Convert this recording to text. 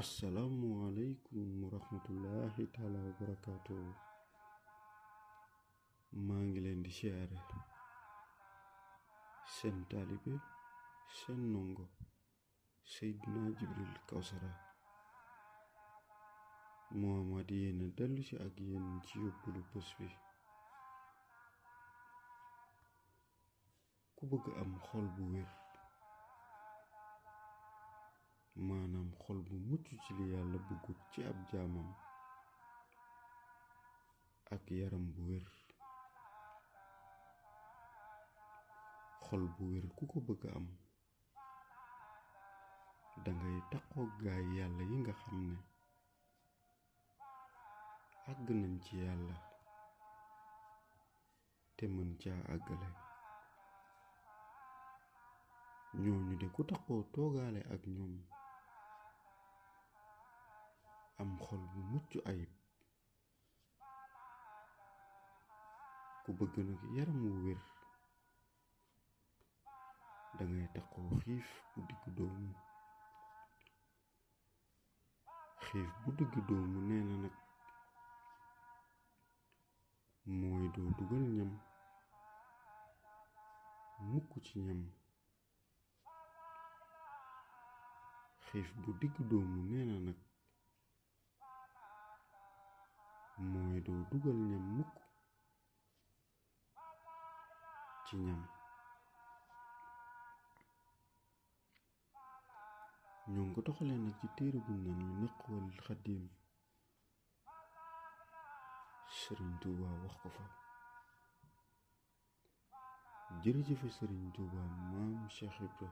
asalaamualeykum wa rahmatullahi wa barakaatu maa ngi leen di siyaare seen taalibe seen nongo Seydina Jibril Kawsara moo yéena dellu si ak yéen ci yóbbalu bés bi ku bëgg am xol bu wér maanaam xol bu mucc ci li yàlla bëggut ci ab jaamam ak yaram bu wér xol bu wér ku ko bëgg am dangay taqoo gaay yàlla yi nga xam ne àgg nañ ci yàlla te mën caa àggale ñooñu de ku taqoo toogaale ak ñoom am xol bu mucc ayib ku bëgg nag yaram wu wér dangay taxoo xiif bu digg doomu xiif bu digg doomu nee na nag mooy doo dugal ñam mukk ci ñam xiif bu digg doomu nee na nag doo dugal ñam mukk ci ñam ñoo ngi ko toxalee nag ci téere bu naan yu naqwal xaddiim sëriñ Touba wax ko fa jërëjëfe sëriñ Touba maam Cheikh Ibra